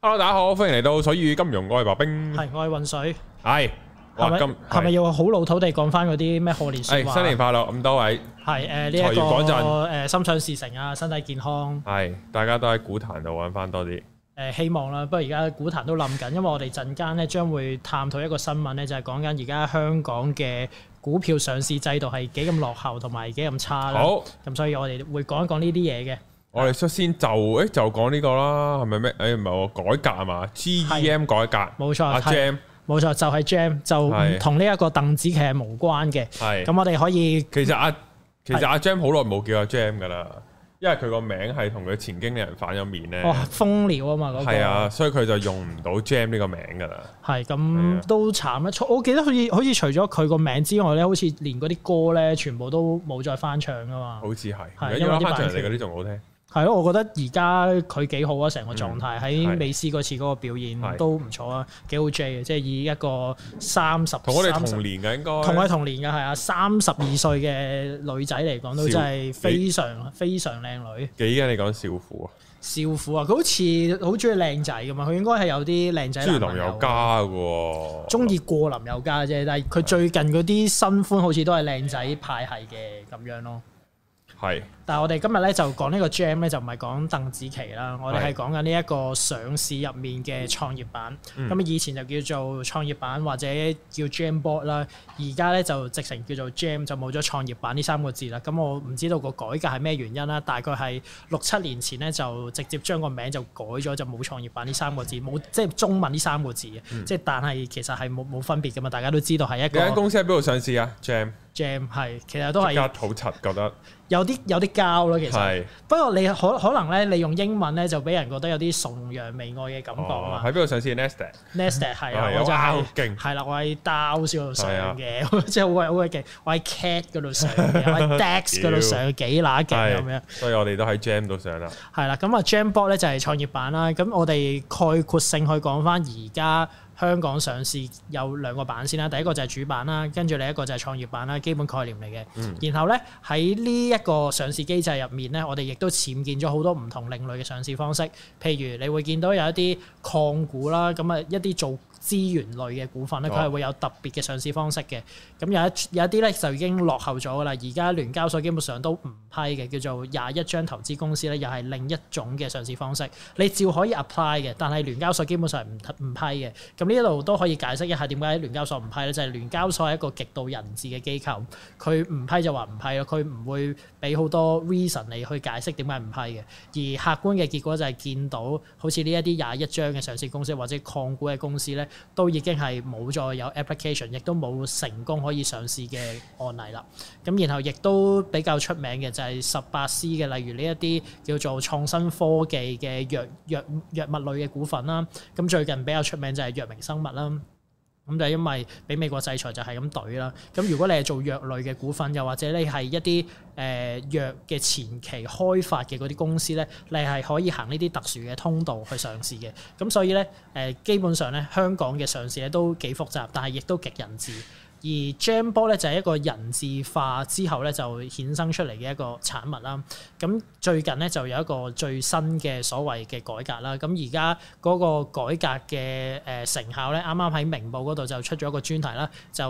hello，大家好，歡迎嚟到水與金融，我係白兵，係我係渾水，係係咪係咪要好老土地講翻嗰啲咩賀年說話？係新年快樂，咁多位係誒呢一個誒心想事成啊，身體健康，係大家都喺股壇度揾翻多啲誒希望啦。不過而家股壇都冧緊，因為我哋陣間咧將會探討一個新聞咧，就係講緊而家香港嘅股票上市制度係幾咁落後，同埋幾咁差啦。好，咁所以我哋會講一講呢啲嘢嘅。我哋率先就誒、欸、就講呢個啦，係咪咩？誒唔係喎改革係嘛？G E M 改革，冇錯。阿 Gem 冇錯，就係、是、Gem 就唔同呢一個鄧紫棋係無關嘅。係咁是，我哋可以其實阿其實阿 Gem 好耐冇叫阿 Gem 㗎啦，因為佢個名係同佢前經理人反咗面咧。哇、哦！蜂鳥啊嘛，嗰個係啊，所以佢就用唔到 Gem 呢個名㗎啦。係咁都慘啊！除我記得好似好似除咗佢個名之外咧，好似連嗰啲歌咧全部都冇再翻唱㗎嘛。好似是係係因為翻唱嚟嗰啲仲好聽。係咯，我覺得而家佢幾好啊！成個狀態喺美斯嗰次嗰個表現是都唔錯啊，幾好 J 嘅，即係以一個三十同我哋同年嘅應該同佢同年嘅係啊，三十二歲嘅女仔嚟講都真係非常幾非常靚女。幾啊？你講少婦啊？少婦啊？佢好似好中意靚仔噶嘛？佢應該係有啲靚仔中意林宥嘉嘅喎，中意過林宥嘉啫。但係佢最近嗰啲新歡好似都係靚仔派系嘅咁樣咯。係。但係我哋今日咧就講呢個 GEM 咧就唔係講鄧紫棋啦，我哋係講緊呢一個上市入面嘅創業板。咁、嗯、以前就叫做創業板或者叫 GEM Board 啦，而家咧就直情叫做 GEM 就冇咗創業板呢三個字啦。咁我唔知道個改革係咩原因啦，大概係六七年前咧就直接將個名就改咗就冇創業板呢三個字，冇即係中文呢三個字即係、嗯、但係其實係冇冇分別噶嘛，大家都知道係一間公司喺邊度上市啊？GEM GEM 係其實都係土柒覺得有啲有啲。有教咯，其實。係。不過你可可能咧，你用英文咧就俾人覺得有啲崇洋媚外嘅感覺啊！喺邊度上市？Nestle。Nestle，係啊，我真係好勁。係啦，我喺刀嗰度上嘅，即係好鬼好鬼勁，我喺 Cat 嗰度上嘅，我喺 Dex 嗰度上幾乸勁咁樣。所以我哋都喺 Gem 度上啦。係啦，咁啊 Gemboard 咧就係創業板啦。咁我哋概括性去講翻而家。香港上市有兩個板先啦，第一個就係主板啦，跟住另一個就係創業板啦，基本概念嚟嘅。嗯、然後咧喺呢一個上市機制入面咧，我哋亦都僭建咗好多唔同另類類嘅上市方式。譬如你會見到有一啲礦股啦，咁啊一啲做資源類嘅股份咧，佢係會有特別嘅上市方式嘅。咁、哦、有一有一啲咧就已經落後咗噶啦，而家聯交所基本上都唔批嘅，叫做廿一章投資公司咧，又係另一種嘅上市方式。你照可以 apply 嘅，但係聯交所基本上唔唔批嘅。咁呢一度都可以解釋一下點解聯交所唔批咧，就係聯交所係一個極度人治嘅機構，佢唔批就話唔批咯，佢唔會俾好多 reason 你去解釋點解唔批嘅。而客觀嘅結果就係見到好似呢一啲廿一章嘅上市公司或者礦股嘅公司咧，都已經係冇再有 application，亦都冇成功可以上市嘅案例啦。咁然後亦都比較出名嘅就係十八 C 嘅，例如呢一啲叫做創新科技嘅藥藥藥物類嘅股份啦。咁最近比較出名就係藥明生物啦，咁就係因為俾美國制裁就係咁懟啦。咁如果你係做藥類嘅股份，又或者你係一啲誒、呃、藥嘅前期開發嘅嗰啲公司咧，你係可以行呢啲特殊嘅通道去上市嘅。咁所以咧，誒、呃、基本上咧，香港嘅上市咧都幾複雜，但係亦都極人治。而 GEM 板咧就係一個人字化之後咧就衍生出嚟嘅一個產物啦。咁最近咧就有一個最新嘅所謂嘅改革啦。咁而家嗰個改革嘅誒成效咧，啱啱喺明報嗰度就出咗一個專題啦，就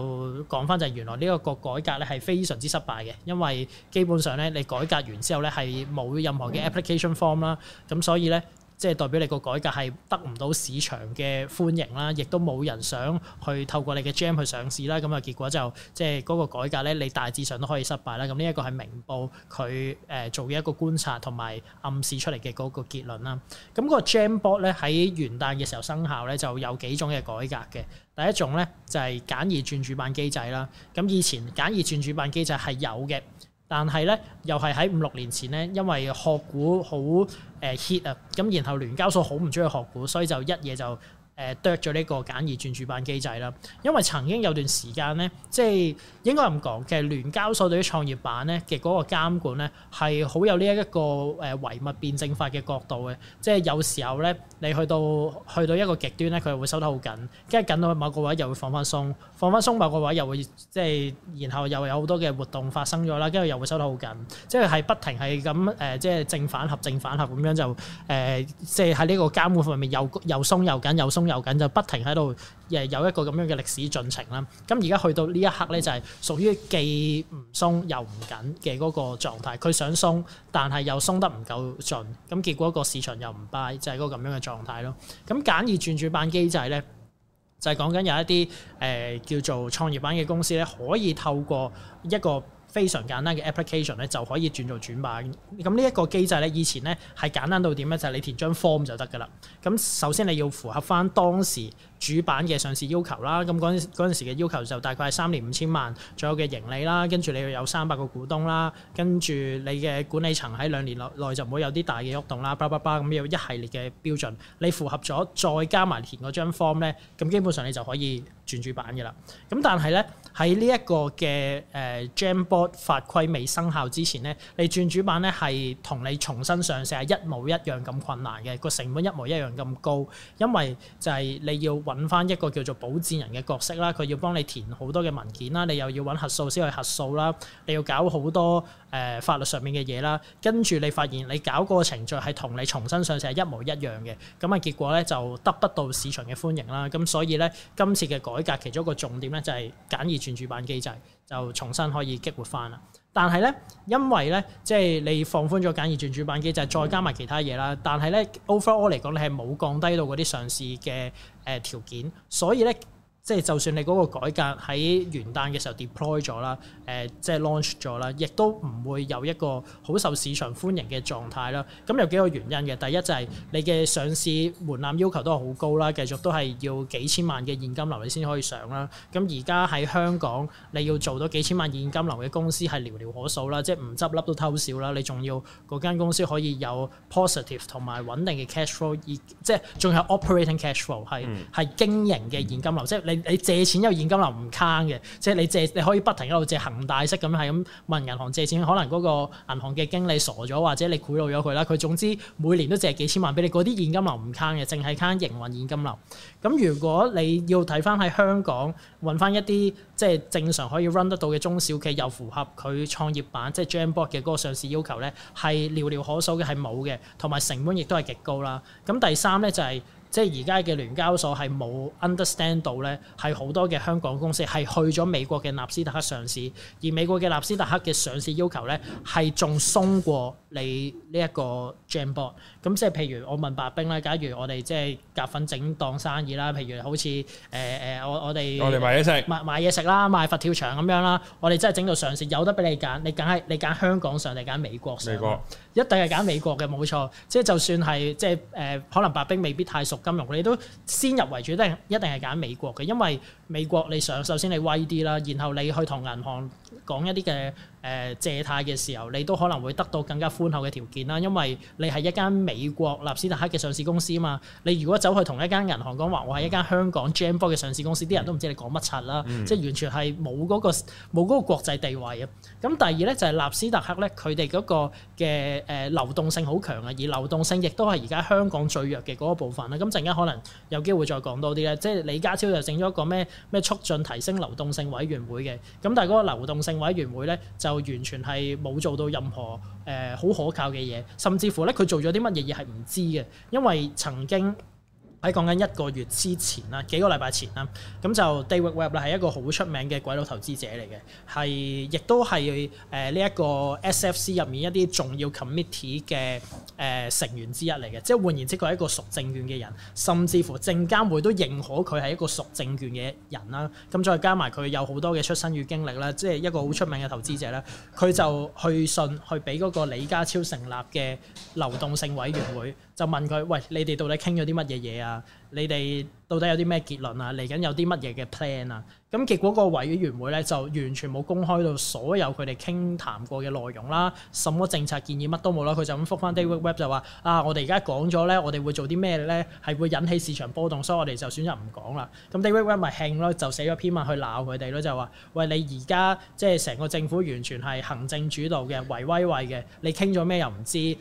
講返就係原來呢個個改革咧係非常之失敗嘅，因為基本上咧你改革完之後咧係冇任何嘅 application form 啦，咁所以咧。即係代表你個改革係得唔到市場嘅歡迎啦，亦都冇人想去透過你嘅 GEM 去上市啦。咁啊，結果就即係嗰個改革咧，你大致上都可以失敗啦。咁呢一個係明報佢誒做一個觀察同埋暗示出嚟嘅嗰個結論啦。咁個 GEM Board 咧喺元旦嘅時候生效咧，就有幾種嘅改革嘅。第一種咧就係簡易轉主板機制啦。咁以前簡易轉主板機制係有嘅。但係咧，又係喺五六年前咧，因為殼股好誒 hit 啊，咁然後聯交所好唔中意殼股，所以就一嘢就，誒剁咗呢個簡易轉主板機制啦，因為曾經有段時間咧，即係應該咁講嘅，其實聯交所對於創業板咧嘅嗰個監管咧係好有呢一個誒唯物辯證法嘅角度嘅，即係有時候咧你去到去到一個極端咧，佢又會收得好緊，跟住緊到某個位又會放翻鬆，放翻鬆某個位又會即係然後又有好多嘅活動發生咗啦，跟住又會收得好緊，即係係不停係咁誒，即係正反合正反合咁樣就誒、呃，即係喺呢個監管方面又又鬆又緊又鬆。游就不停喺度，誒有一個咁樣嘅歷史進程啦。咁而家去到呢一刻咧，就係、是、屬於既唔鬆又唔緊嘅嗰個狀態。佢想鬆，但係又鬆得唔夠盡，咁結果個市場又唔 buy，就係嗰咁樣嘅狀態咯。咁簡易轉轉板機制咧，就係講緊有一啲誒、呃、叫做創業板嘅公司咧，可以透過一個非常簡單嘅 application 咧，就可以轉做轉版。咁呢一個機制咧，以前咧係簡單到點咧？就係你填張 form 就得㗎啦。咁首先你要符合翻當時主板嘅上市要求啦。咁嗰嗰陣時嘅要求就大概係三年五千萬左右嘅盈利啦，跟住你要有三百個股東啦，跟住你嘅管理層喺兩年內內就唔會有啲大嘅喐動啦，巴拉巴拉咁有一系列嘅標準。你符合咗，再加埋填嗰張 form 咧，咁基本上你就可以轉主板嘅啦。咁但係咧。喺呢一個嘅誒 GEM board 法規未生效之前咧，你轉主板咧係同你重新上市係一模一樣咁困難嘅，個成本一模一樣咁高，因為就係你要揾翻一個叫做保薦人嘅角色啦，佢要幫你填好多嘅文件啦，你又要揾核數先去核數啦，你要搞好多誒法律上面嘅嘢啦，跟住你發現你搞嗰個程序係同你重新上市係一模一樣嘅，咁啊結果咧就得不到市場嘅歡迎啦，咁所以咧今次嘅改革其中一個重點咧就係簡易。轉主板機制就重新可以激活翻啦，但係咧，因為咧，即係你放寬咗簡易轉主板機制，再加埋其他嘢啦，但係咧，overall 嚟講，你係冇降低到嗰啲上市嘅誒、呃、條件，所以咧。即係就算你嗰個改革喺元旦嘅時候 deploy 咗啦，誒、呃、即係 launch 咗啦，亦都唔會有一個好受市場歡迎嘅狀態啦。咁有幾個原因嘅，第一就係你嘅上市門檻要求都係好高啦，繼續都係要幾千萬嘅現金流你先可以上啦。咁而家喺香港你要做到幾千萬現金流嘅公司係寥寥可數啦，即係唔執笠都偷笑啦。你仲要嗰間公司可以有 positive 同埋穩定嘅 cash flow，即係仲有 operating cash flow 係係經營嘅現金流，嗯、即係你。你借錢有現金流唔慳嘅，即係你借你可以不停喺度借恒大式咁樣係咁問銀行借錢，可能嗰個銀行嘅經理傻咗，或者你賄賂咗佢啦，佢總之每年都借幾千萬俾你，嗰啲現金流唔慳嘅，淨係慳營運現金流。咁如果你要睇翻喺香港揾翻一啲即係正常可以 run 得到嘅中小企，又符合佢創業板即係 GEM Board 嘅嗰個上市要求呢，係寥寥可數嘅，係冇嘅，同埋成本亦都係極高啦。咁第三呢，就係，就係。即係而家嘅聯交所係冇 understand 到咧，係好多嘅香港公司係去咗美國嘅納斯達克上市，而美國嘅納斯達克嘅上市要求咧係仲鬆過你呢一個 GEM board。咁即係譬如我問白兵咧，假如我哋即係夾份整檔生意啦，譬如好似誒誒，我我哋我哋買嘢食買嘢食啦，賣佛跳牆咁樣啦，我哋真係整到上市有得俾你揀，你梗係你揀香港上定揀美國上？美國。一定係揀美國嘅，冇錯。即係就算係即係誒、呃，可能白兵未必太熟。金融你都先入為主，一定一定係揀美國嘅，因為美國你想首先你威啲啦，然後你去同銀行講一啲嘅。誒借貸嘅時候，你都可能會得到更加寬厚嘅條件啦，因為你係一間美國納斯達克嘅上市公司啊嘛。你如果走去同一間銀行講話，我係一間香港 Gem Board 嘅上市公司，啲人都唔知你講乜柒啦，即係完全係冇嗰個冇嗰個國際地位啊。咁第二咧就係納斯達克咧，佢哋嗰個嘅誒流動性好強啊，而流動性亦都係而家香港最弱嘅嗰個部分啦。咁陣間可能有機會再講多啲咧，即係李家超就整咗一個咩咩促進提升流動性委員會嘅，咁但係嗰個流動性委員會咧就完全係冇做到任何誒好、呃、可靠嘅嘢，甚至乎咧，佢做咗啲乜嘢亦係唔知嘅，因為曾經。喺講緊一個月之前啦，幾個禮拜前啦，咁就 David Webb 係一個好出名嘅鬼佬投資者嚟嘅，係亦都係誒呢一個 SFC 入面一啲重要 committee 嘅誒成員之一嚟嘅，即係換言之佢係一個熟證券嘅人，甚至乎證監會都認可佢係一個熟證券嘅人啦。咁再加埋佢有好多嘅出身與經歷啦，即係一個好出名嘅投資者啦。佢就去信去俾嗰個李家超成立嘅流動性委員會。就問佢：喂，你哋到底傾咗啲乜嘢嘢啊？你哋到底有啲咩結論啊？嚟緊有啲乜嘢嘅 plan 啊？咁結果個委員會咧就完全冇公開到所有佢哋傾談過嘅內容啦，什麼政策建議乜都冇啦，佢就咁覆翻 David Webb 就話：啊，我哋而家講咗咧，我哋會做啲咩咧？係會引起市場波動，所以我哋就選擇唔講啦。咁 David Webb 咪興咯，就寫咗篇文去鬧佢哋咯，就話：喂，你而家即係成個政府完全係行政主導嘅，維威位嘅，你傾咗咩又唔知？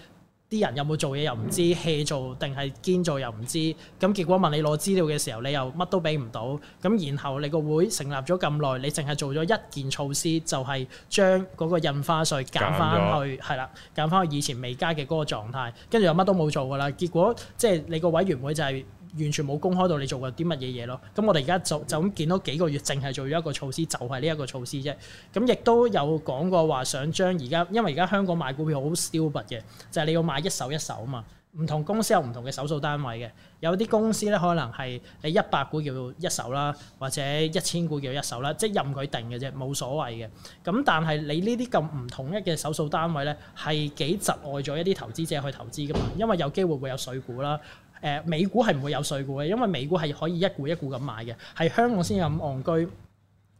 啲人有冇做嘢又唔知 hea、嗯、做定係堅做又唔知，咁結果問你攞資料嘅時候，你又乜都俾唔到，咁然後你個會成立咗咁耐，你淨係做咗一件措施，就係將嗰個印花稅減翻去，係啦，減翻去以前未加嘅嗰個狀態，跟住又乜都冇做㗎啦，結果即係你個委員會就係。完全冇公開到你做過啲乜嘢嘢咯，咁我哋而家就就咁見到幾個月淨係做咗一個措施，就係呢一個措施啫。咁亦都有講過話想將而家，因為而家香港買股票好刁蠻嘅，就係、是、你要買一手一手啊嘛，唔同公司有唔同嘅手數單位嘅，有啲公司咧可能係你一百股叫一手啦，或者一千股叫一手啦，即係任佢定嘅啫，冇所謂嘅。咁但係你呢啲咁唔統一嘅手數單位咧，係幾窒礙咗一啲投資者去投資噶嘛，因為有機會會有水股啦。誒、呃、美股係唔會有稅股嘅，因為美股係可以一股一股咁買嘅，係香港先有咁昂居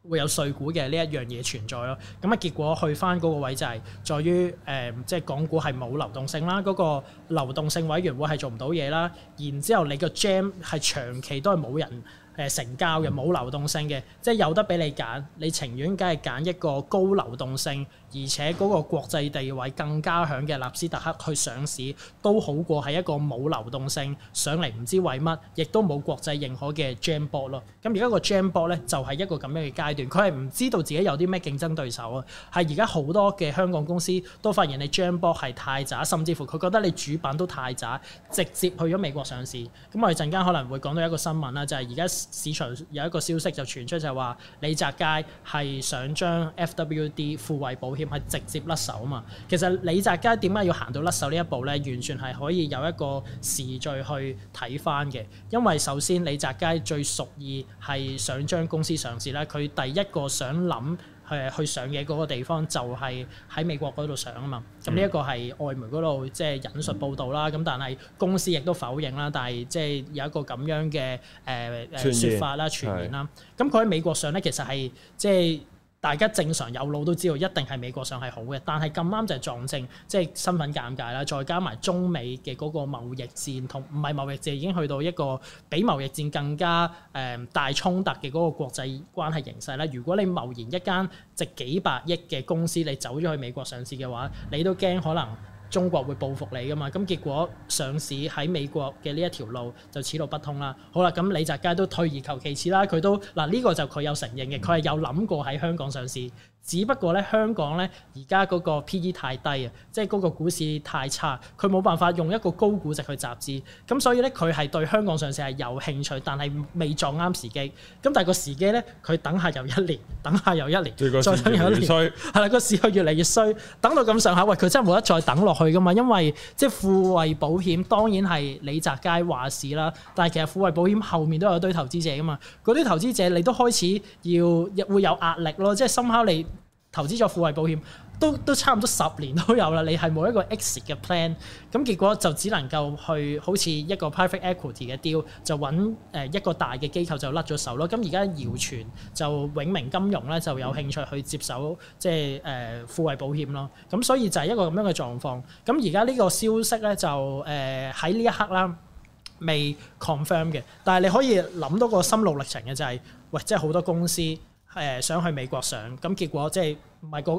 會有稅股嘅呢一樣嘢存在咯。咁啊，結果去翻嗰個位就係、是、在於誒、呃，即係港股係冇流動性啦，嗰、那個流動性委員會係做唔到嘢啦。然之後你個 GEM 係長期都係冇人誒成交嘅，冇、嗯、流動性嘅，即係有得俾你揀，你情願梗係揀一個高流動性。而且嗰個國際地位更加響嘅納斯達克去上市都好過係一個冇流動性，上嚟唔知為乜，亦都冇國際認可嘅 GEM board 咯。咁而家個 GEM board 咧就係一個咁樣嘅階段，佢係唔知道自己有啲咩競爭對手啊。係而家好多嘅香港公司都發現你 GEM board 係太渣，甚至乎佢覺得你主板都太渣，直接去咗美國上市。咁我哋陣間可能會講到一個新聞啦，就係而家市場有一個消息就傳出就話李澤楷係想將 FWD 富衛保險。係直接甩手啊嘛！其實李澤楷點解要行到甩手呢一步呢？完全係可以有一個時序去睇翻嘅。因為首先李澤楷最屬意係想將公司上市啦，佢第一個想諗係去上嘢嗰個地方就係喺美國嗰度上啊嘛。咁呢一個係外媒嗰度即係引述報導啦。咁、嗯、但係公司亦都否認啦。但係即係有一個咁樣嘅誒説法啦、傳言啦。咁佢喺美國上呢，其實係即係。大家正常有腦都知道，一定係美國上係好嘅，但係咁啱就係撞正，即係身份尷尬啦。再加埋中美嘅嗰個貿易戰同唔係貿易戰，已經去到一個比貿易戰更加誒、嗯、大衝突嘅嗰個國際關係形勢啦。如果你貿然一間值幾百億嘅公司，你走咗去美國上市嘅話，你都驚可能。中國會報復你噶嘛？咁結果上市喺美國嘅呢一條路就此路不通啦。好啦，咁李澤楷都退而求其次啦。佢都嗱呢、這個就佢有承認嘅，佢係有諗過喺香港上市，只不過咧香港咧而家嗰個 PE 太低啊，即係嗰個股市太差，佢冇辦法用一個高估值去集資。咁所以咧佢係對香港上市係有興趣，但係未撞啱時機。咁但係個時機咧，佢等下又一年。等下又一年，果再等又一年，係啦，個市又越嚟越衰，等到咁上下，喂，佢真係冇得再等落去噶嘛？因為即係富衛保險，當然係李澤楷話事啦，但係其實富衛保險後面都有堆投資者噶嘛，嗰啲投資者你都開始要會有壓力咯，即係深刻你投資咗富衛保險。都都差唔多十年都有啦，你係冇一個 exit 嘅 plan，咁結果就只能夠去好似一個 private equity 嘅 deal，就揾誒一個大嘅機構就甩咗手咯。咁而家謠傳就永明金融咧就有興趣去接手，即係誒富衛保險咯。咁所以就係一個咁樣嘅狀況。咁而家呢個消息咧就誒喺呢一刻啦，未 confirm 嘅。但係你可以諗到個心路歷程嘅就係，喂，即係好多公司誒想去美國上，咁結果即係。唔係個，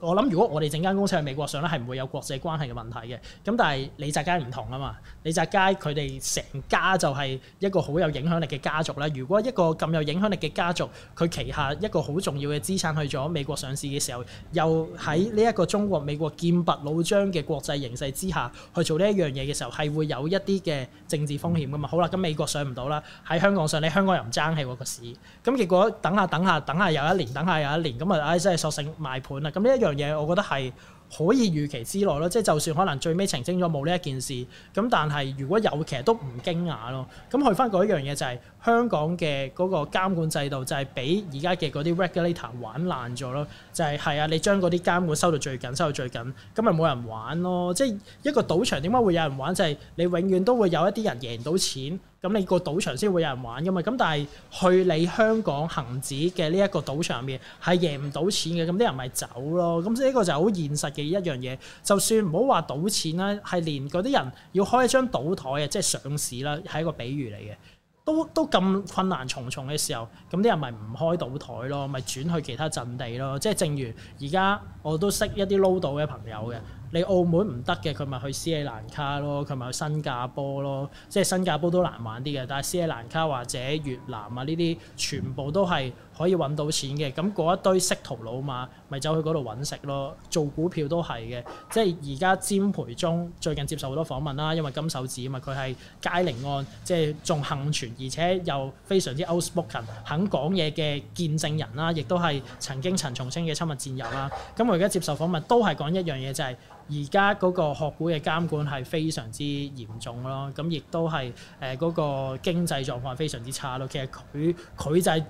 我諗如果我哋整間公司喺美國上咧，係唔會有國際關係嘅問題嘅。咁但係李澤楷唔同啊嘛，李澤楷佢哋成家就係一個好有影響力嘅家族啦。如果一個咁有影響力嘅家族，佢旗下一個好重要嘅資產去咗美國上市嘅時候，又喺呢一個中國美國劍拔弩張嘅國際形勢之下去做呢一樣嘢嘅時候，係會有一啲嘅政治風險㗎嘛。好啦，咁美國上唔到啦，喺香港上，你香港又唔爭氣嗰個市。咁結果等下等下等下又一年，等下又一年，咁啊唉真係索性大盤啦，咁呢一樣嘢我覺得係可以預期之內咯，即係就算可能最尾澄清咗冇呢一件事，咁但係如果有，其實都唔驚訝咯。咁去翻嗰一樣嘢就係香港嘅嗰個監管制度就係俾而家嘅嗰啲 regulator 玩爛咗咯，就係係啊，你將嗰啲監管收到最緊，收到最緊，咁咪冇人玩咯。即係一個賭場點解會有人玩？就係你永遠都會有一啲人贏到錢。咁你個賭場先會有人玩㗎嘛？咁但係去你香港恒指嘅呢一個賭場入面係贏唔到錢嘅，咁啲人咪走咯。咁呢個就係好現實嘅一樣嘢。就算唔好話賭錢啦，係連嗰啲人要開一張賭枱啊，即係上市啦，係一個比喻嚟嘅。都都咁困難重重嘅時候，咁啲人咪唔開賭枱咯，咪轉去其他陣地咯。即係正如而家我都識一啲撈賭嘅朋友嘅。你澳門唔得嘅，佢咪去斯里蘭卡咯，佢咪去新加坡咯，即係新加坡都難玩啲嘅，但係斯里蘭卡或者越南啊呢啲，全部都係，可以揾到錢嘅，咁嗰一堆色屠老馬，咪走去嗰度揾食咯。做股票都係嘅，即係而家詹培忠最近接受好多訪問啦，因為金手指啊嘛，佢係佳寧案即係仲幸存，而且又非常之 outspoken，肯講嘢嘅見證人啦，亦都係曾經陳松青嘅親密戰友啦。咁我而家接受訪問都係講一樣嘢，就係而家嗰個學股嘅監管係非常之嚴重咯。咁亦都係誒嗰個經濟狀況非常之差咯。其實佢佢就係、是。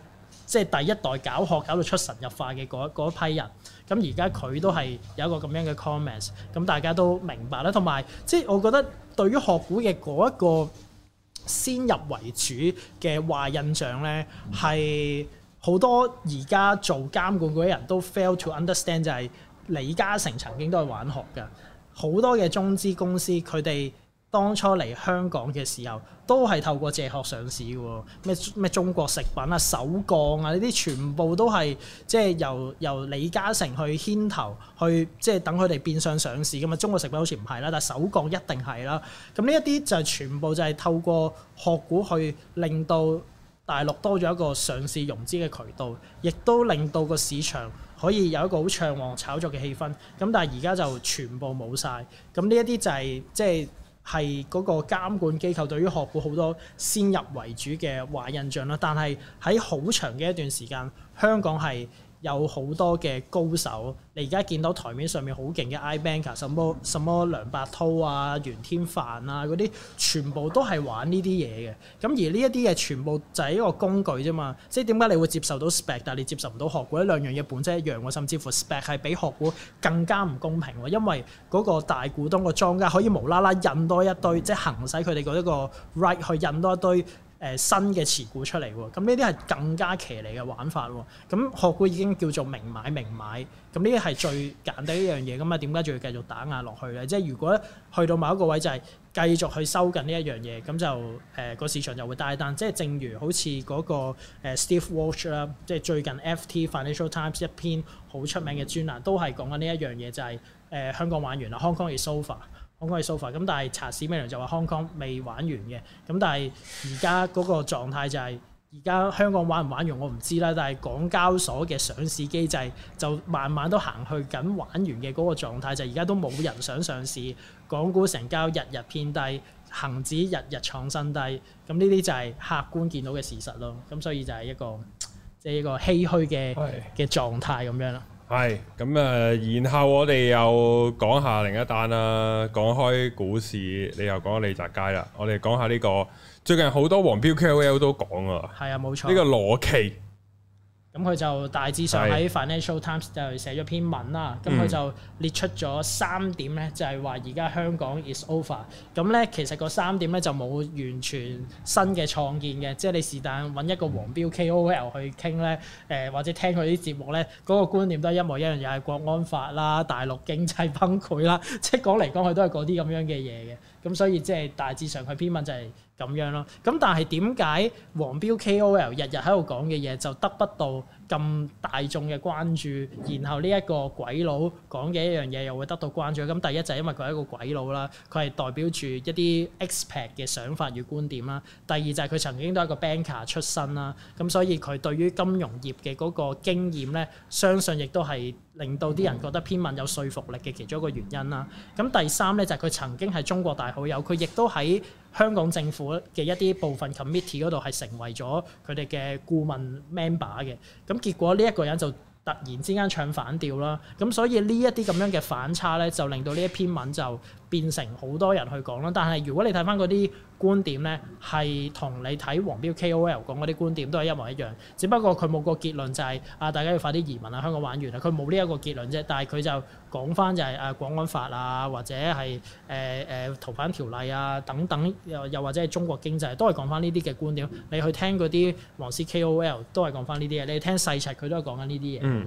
即係第一代搞學搞到出神入化嘅嗰一批人，咁而家佢都係有一個咁樣嘅 comments，咁大家都明白啦。同埋，即係我覺得對於學股嘅嗰一個先入為主嘅壞印象呢，係好多而家做監管嗰啲人都 fail to understand 就係李嘉誠曾經都係玩學㗎，好多嘅中資公司佢哋。當初嚟香港嘅時候，都係透過借殼上市嘅喎，咩咩中國食品啊、首鋼啊呢啲，全部都係即係由由李嘉誠去牽頭去即係等佢哋變相上市嘅嘛。中國食品好似唔係啦，但係首鋼一定係啦。咁呢一啲就係全部就係透過殼股去令到大陸多咗一個上市融資嘅渠道，亦都令到個市場可以有一個好暢旺炒作嘅氣氛。咁但係而家就全部冇晒。咁呢一啲就係、是、即係。係嗰個監管機構對於學府好多先入為主嘅壞印象啦，但係喺好長嘅一段時間，香港係，有好多嘅高手，你而家見到台面上面好勁嘅 I banker，什麼什麼梁伯韜啊、袁天凡啊嗰啲，全部都係玩呢啲嘢嘅。咁而呢一啲嘢全部就係一個工具啫嘛。即係點解你會接受到 spec，但係你接受唔到學股？一兩樣嘢本質一樣喎。甚至乎 spec 係比學股更加唔公平喎，因為嗰個大股東個莊家可以無啦啦印多一堆，即係行使佢哋嗰一個 right 去印多一堆。誒新嘅持股出嚟喎，咁呢啲係更加騎呢嘅玩法喎，咁學股已經叫做明買明買，咁呢啲係最簡單一樣嘢，咁啊點解仲要繼續打壓落去咧？即係如果去到某一個位就係繼續去收緊呢一樣嘢，咁就誒個、呃、市場就會大單。即係正如好似嗰個 Steve Walsh 啦，即係最近 FT Financial Times 一篇好出名嘅專欄都係講緊呢一樣嘢，就係、是、誒、呃、香港玩完啦，Hong Kong is over. 香港係 sofa，咁但係查史美倫就話 Hong Kong 未玩完嘅，咁但係而家嗰個狀態就係而家香港玩唔玩完我唔知啦，但係港交所嘅上市機制就慢慢都行去緊玩完嘅嗰個狀態，就而、是、家都冇人想上市，港股成交日日偏低，恒指日日創新低，咁呢啲就係客觀見到嘅事實咯，咁所以就係一個即係、就是、一個唏噓嘅嘅狀態咁樣啦。係，咁啊、嗯，然後我哋又講下另一單啦。講開股市，你又講李澤楷啦。我哋講下呢、這個最近好多黃標 KOL 都講啊。係啊，冇錯。呢個羅奇。咁佢就大致上喺 Financial Times 就寫咗篇文啦，咁佢、嗯、就列出咗三點咧，就係話而家香港 is over。咁咧其實個三點咧就冇完全新嘅創建嘅，即係你是但揾一個黃標 KOL 去傾咧，誒、呃、或者聽佢啲節目咧，嗰個觀念都係一模一樣，又係國安法啦、大陸經濟崩潰啦，即係講嚟講去都係嗰啲咁樣嘅嘢嘅。咁所以即係大致上佢篇文就係。咁樣咯，咁但係點解黃標 KOL 日日喺度講嘅嘢就得不到咁大眾嘅關注？然後呢一個鬼佬講嘅一樣嘢又會得到關注？咁第一就係因為佢係一個鬼佬啦，佢係代表住一啲 expert 嘅想法與觀點啦。第二就係佢曾經都係一個 banker 出身啦，咁所以佢對於金融業嘅嗰個經驗咧，相信亦都係令到啲人覺得篇文有說服力嘅其中一個原因啦。咁第三咧就係佢曾經係中國大好友，佢亦都喺香港政府嘅一啲部分 committee 嗰度，係成為咗佢哋嘅顧問 member 嘅。咁結果呢一個人就突然之間唱反調啦，咁所以呢一啲咁樣嘅反差咧，就令到呢一篇文就變成好多人去講啦。但係如果你睇翻嗰啲，觀點咧係同你睇黃標 KOL 講嗰啲觀點都係一模一樣，只不過佢冇個結論就係、是、啊，大家要快啲移民啊，香港玩完啊，佢冇呢一個結論啫。但係佢就講翻就係、是、啊，《國安法》啊，或者係誒誒《逃犯條例》啊等等，又又或者係中國經濟都係講翻呢啲嘅觀點。你去聽嗰啲黃絲 KOL 都係講翻呢啲嘢，你聽細察佢都係講緊呢啲嘢。嗯。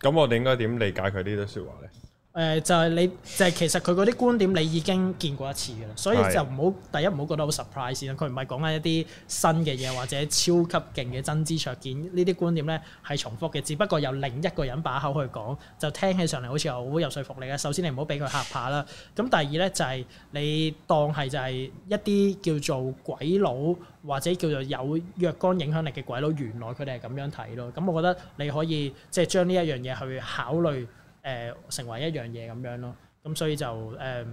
咁我哋應該點理解佢呢啲説話咧？誒、呃、就係、是、你，就係、是、其實佢嗰啲觀點你已經見過一次嘅啦，所以就唔好第一唔好覺得好 surprise 先啦。佢唔係講緊一啲新嘅嘢或者超級勁嘅真知灼見，呢啲觀點咧係重複嘅，只不過由另一個人把口去講，就聽起上嚟好似好有說服力嘅。首先你唔好俾佢嚇怕啦，咁第二咧就係、是、你當係就係一啲叫做鬼佬或者叫做有若干影響力嘅鬼佬，原來佢哋係咁樣睇咯。咁我覺得你可以即係、就是、將呢一樣嘢去考慮。誒、呃、成為一樣嘢咁樣咯，咁、嗯、所以就誒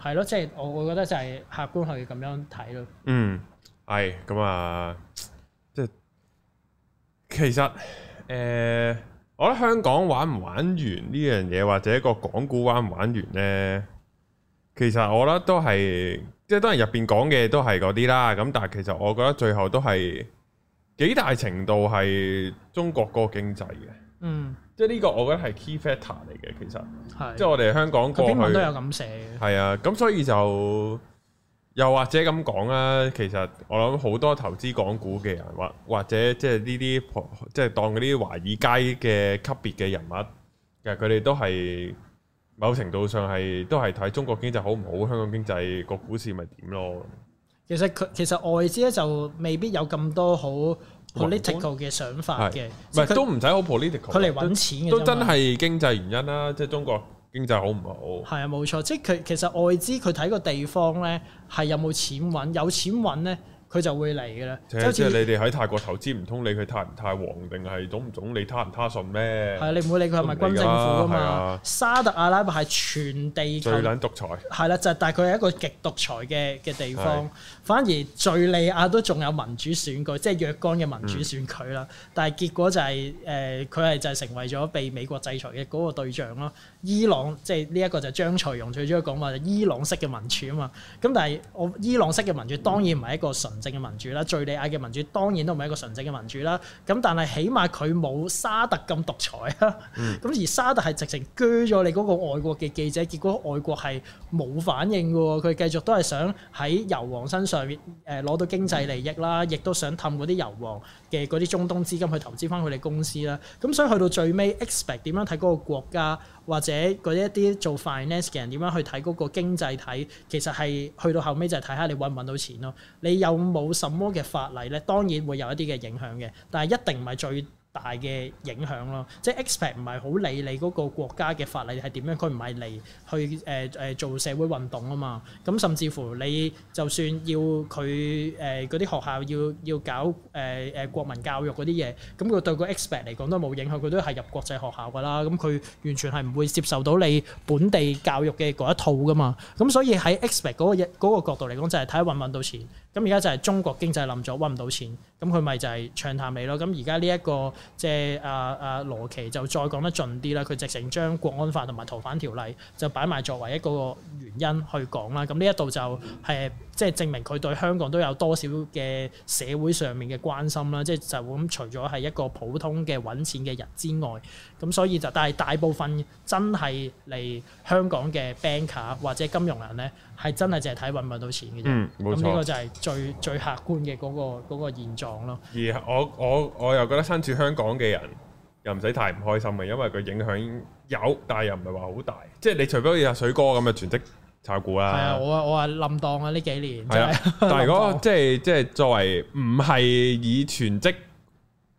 係咯，即係我我覺得就係客觀去咁樣睇咯。嗯，係咁啊，即、嗯、係其實誒、呃，我覺得香港玩唔玩完呢樣嘢，或者一個港股玩唔玩完咧？其實我覺得都係即係當然入邊講嘅都係嗰啲啦。咁但係其實我覺得最後都係幾大程度係中國嗰個經濟嘅。嗯，即係呢個我覺得係 key factor 嚟嘅，其實，的即係我哋香港過去英文都有咁寫嘅，係啊，咁所以就又或者咁講啦。其實我諗好多投資港股嘅人或或者即係呢啲即係當嗰啲華爾街嘅級別嘅人物，其實佢哋都係某程度上係都係睇中國經濟好唔好，香港經濟個股市咪點咯。其實佢其實外資咧就未必有咁多好。political 嘅想法嘅，唔係是佢都唔使好 political。佢嚟揾錢嘅，都真係經濟原因啦，即係中國經濟好唔好？係啊，冇錯，即係佢其實外資佢睇個地方咧，係有冇錢揾，有錢揾咧。佢就會嚟嘅啦。即係是像即係你哋喺泰國投資，唔通理佢泰唔泰皇定係總唔總理他唔、啊、他信咩？係你唔會理佢係咪軍政府㗎嘛？啊、沙特阿拉伯係全地最撚獨裁。係啦、啊，就係但係佢係一個極獨裁嘅嘅地方。啊、反而敍利亞都仲有民主選舉，即、就、係、是、若干嘅民主選舉啦。嗯、但係結果就係、是、誒，佢、呃、係就係成為咗被美國制裁嘅嗰個對象咯。伊朗即係呢一個就係張翠容最中意講話就是、伊朗式嘅民主啊嘛。咁但係我伊朗式嘅民，民主當然唔係一個純。嗯純正嘅民主啦，敍利亞嘅民主當然都唔係一個純正嘅民主啦，咁但係起碼佢冇沙特咁獨裁啊，咁、嗯、而沙特係直情鋸咗你嗰個外國嘅記者，結果外國係冇反應嘅喎，佢繼續都係想喺油王身上面誒攞到經濟利益啦，嗯、亦都想氹嗰啲油王嘅嗰啲中東資金去投資翻佢哋公司啦，咁所以去到最尾 expect 點樣睇嗰個國家？或者嗰一啲做 finance 嘅人點樣去睇嗰個經濟體，其實係去到後尾就係睇下你搵唔搵到錢咯。你有冇什麼嘅法例咧？當然會有一啲嘅影響嘅，但係一定唔係最。大嘅影響咯，即係 expat 唔係好理你嗰個國家嘅法例係點樣，佢唔係嚟去誒誒做社會運動啊嘛。咁甚至乎你就算要佢誒嗰啲學校要要搞誒誒國民教育嗰啲嘢，咁佢對個 expat 嚟講都冇影響，佢都係入國際學校㗎啦。咁佢完全係唔會接受到你本地教育嘅嗰一套㗎嘛。咁所以喺 expat 嗰個嗰個角度嚟講，就係睇搵唔搵到錢。咁而家就係中國經濟冧咗，搵唔到錢，咁佢咪就係唱淡你咯。咁而家呢一個。即係阿阿羅奇就再講得盡啲啦，佢直情將國安法同埋逃犯條例就擺埋作為一個原因去講啦，咁呢一度就係、是。嗯即係證明佢對香港都有多少嘅社會上面嘅關心啦，即係就咁除咗係一個普通嘅揾錢嘅人之外，咁所以就但係大部分真係嚟香港嘅 banker 或者金融人呢，係真係淨係睇揾唔揾到錢嘅啫。嗯，冇錯。咁呢個就係最最客觀嘅嗰個嗰個現狀咯。而我我我又覺得身處香港嘅人又唔使太唔開心嘅，因為佢影響有，但係又唔係話好大。即係你除非要阿水哥咁嘅全職。炒股啦、啊，係啊，我我話冧檔啊呢幾年，係啊，但係如果即係即係作為唔係以全職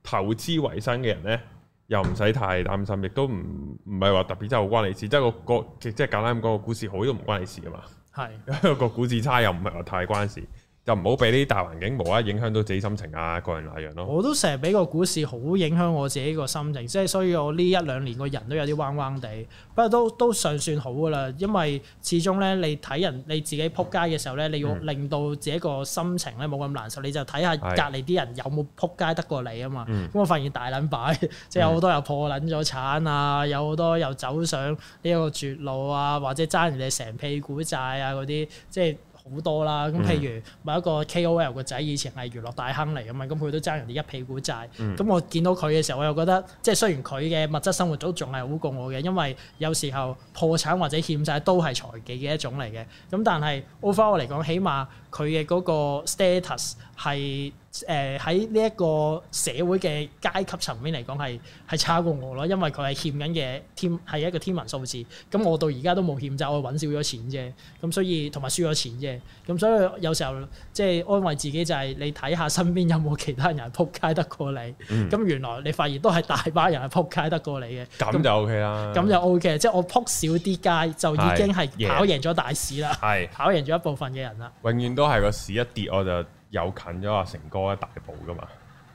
投資為生嘅人咧，又唔使太擔心，亦都唔唔係話特別真係好關你事，即係個個即係簡單咁講個股市好都唔關你事啊嘛，係是 個股市差又唔係話太關事。就唔好俾呢啲大環境無啦影響到自己心情啊，個人那樣咯。我都成日俾個股市好影響我自己個心情，即係所以我呢一兩年個人都有啲彎彎地，不過都都尚算好噶啦。因為始終咧，你睇人你自己撲街嘅時候咧，你要令到自己個心情咧冇咁難受，嗯、你就睇下隔離啲人有冇撲街得過你啊嘛。咁、嗯、我發現大撚擺，即係有好多又破撚咗產啊，有好多又走上呢個絕路啊，或者爭人哋成屁股債啊嗰啲，即係。好多啦，咁譬如某一個 KOL 個仔以前係娛樂大亨嚟嘅嘛，咁佢都爭人哋一屁股債。咁我見到佢嘅時候，我又覺得即係雖然佢嘅物質生活都仲係好過我嘅，因為有時候破產或者欠債都係財技嘅一種嚟嘅。咁但係 offer 我嚟講，起碼。佢嘅嗰個 status 係誒，喺呢一個社會嘅階級層面嚟講係係差過我咯，因為佢係欠緊嘅天係一個天文數字。咁我到而家都冇欠債，我揾少咗錢啫。咁所以同埋輸咗錢啫。咁所以有時候即係安慰自己就係你睇下身邊有冇其他人撲街得過你。咁、嗯、原來你發現都係大把人係撲街得過你嘅。咁、嗯、那就 OK 啦。咁就 OK，即係我撲少啲街就已經係跑贏咗大市啦。係、嗯、是 跑贏咗一部分嘅人啦。永遠都～ 都係個市一跌我就又近咗阿成哥一大步噶嘛，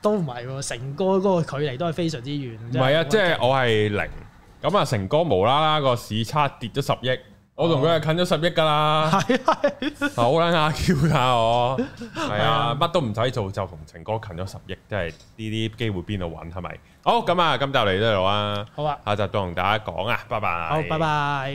都唔係、啊，成哥嗰個距離都係非常之遠。唔係啊，即係我係零，咁啊成哥無啦啦個市差跌咗十億，哦、我同佢係近咗十億噶啦。係好啦阿 Q 啊我，係 啊乜、啊、都唔使做就同成哥近咗十億，即係呢啲機會邊度揾係咪？好咁啊，今集嚟到呢度啊，好啊，下集再同大家講啊，拜拜。好，拜拜。